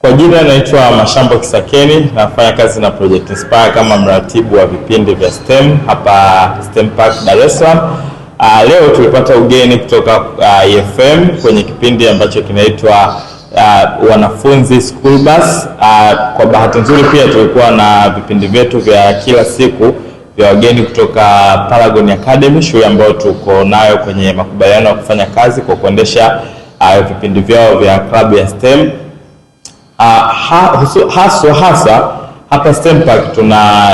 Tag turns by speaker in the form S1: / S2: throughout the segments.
S1: Kwa jina naitwa Mashambo Kisakeni, nafanya kazi na Project Inspire kama mratibu wa vipindi vya STEM hapa STEM Park Dar es Salaam. Uh, leo tulipata ugeni kutoka uh, ah, EFM kwenye kipindi ambacho kinaitwa uh, wanafunzi school bus. Uh, kwa bahati nzuri pia tulikuwa na vipindi vyetu vya kila siku vya wageni kutoka Paragon Academy, shule ambayo tuko nayo kwenye makubaliano ya kufanya kazi kwa kuendesha uh, vipindi vyao vya klabu ya STEM Ah, ha, haswa hasa hapa STEMPAC tuna,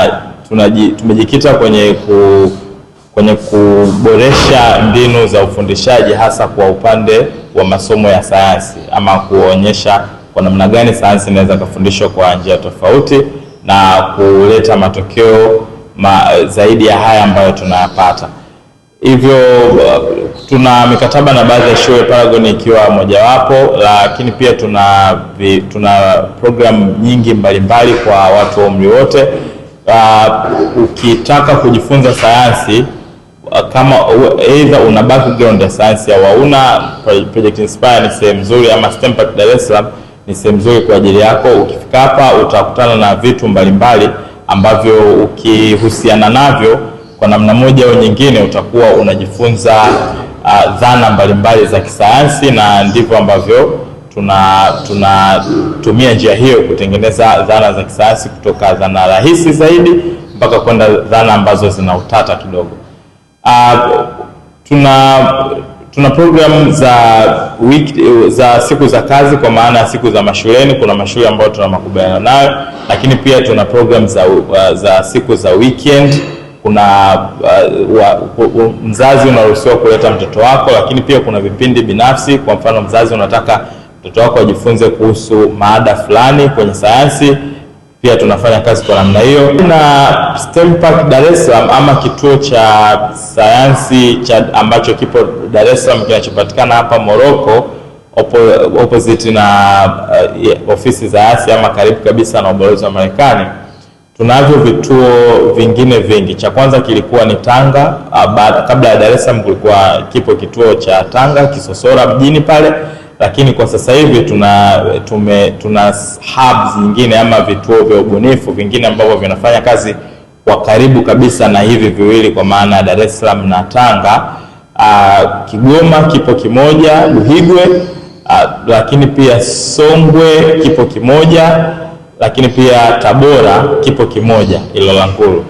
S1: tuna, tumejikita kwenye ku, kwenye kuboresha mbinu za ufundishaji hasa kwa upande wa masomo ya sayansi ama kuonyesha kwa namna gani sayansi inaweza kufundishwa kwa njia tofauti na kuleta matokeo ma, zaidi ya haya ambayo tunayapata hivyo Tuna mikataba na baadhi ya shule, Paragon ikiwa mojawapo, lakini pia tuna, tuna programu nyingi mbalimbali mbali kwa watu wa umri wote. Uh, ukitaka kujifunza sayansi ah, kama either una background ya sayansi au hauna, Project Inspire ni sehemu nzuri, ama STEM Park Dar es Salaam ni sehemu nzuri kwa ajili yako. Ukifika hapa utakutana na vitu mbalimbali mbali, ambavyo ukihusiana navyo kwa namna moja au nyingine utakuwa unajifunza uh, dhana mbalimbali za kisayansi na ndivyo ambavyo tunatumia tuna njia hiyo kutengeneza dhana za kisayansi kutoka dhana rahisi zaidi mpaka kwenda dhana ambazo zina utata kidogo. Uh, tuna tuna program za week, za siku za kazi kwa maana ya siku za mashuleni. Kuna mashule ambayo tuna makubaliano nayo, lakini pia tuna program za, uh, za siku za weekend kuna uh, wa, u, u, mzazi unaruhusiwa kuleta mtoto wako, lakini pia kuna vipindi binafsi. Kwa mfano, mzazi unataka mtoto wako ajifunze kuhusu maada fulani kwenye sayansi, pia tunafanya kazi kwa namna hiyo. Na STEM Park Dar es Salaam ama kituo cha sayansi cha ambacho kipo Dar es Salaam kinachopatikana hapa Moroko opposite na uh, yeah, ofisi za asi ama karibu kabisa na ubalozi wa Marekani. Tunavyo vituo vingine vingi. Cha kwanza kilikuwa ni Tanga, ah, kabla ya Dar es Salaam kulikuwa kipo kituo cha Tanga Kisosora mjini pale, lakini kwa sasa hivi tuna tume, tuna hubs nyingine ama vituo vya ubunifu vingine ambavyo vinafanya kazi kwa karibu kabisa na hivi viwili, kwa maana ya Dar es Salaam na Tanga. Uh, Kigoma kipo kimoja Buhigwe, uh, ah, lakini pia Songwe kipo kimoja lakini pia Tabora kipo kimoja Ilolangulu.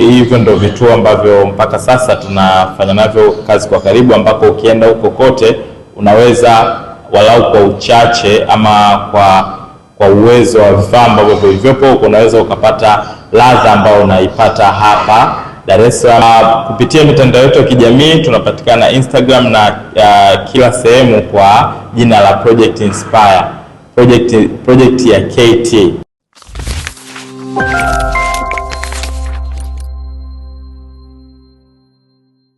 S1: Hivyo ndio vituo ambavyo mpaka sasa tunafanya navyo kazi kwa karibu, ambapo ukienda huko kote unaweza walau kwa uchache ama kwa kwa uwezo wa vifaa ambavyo vilivyopo huko unaweza ukapata ladha ambayo unaipata hapa Dar es Salaam. Kupitia mitandao yetu ya kijamii tunapatikana Instagram na uh, kila sehemu kwa jina la Project Inspire project, project ya KT.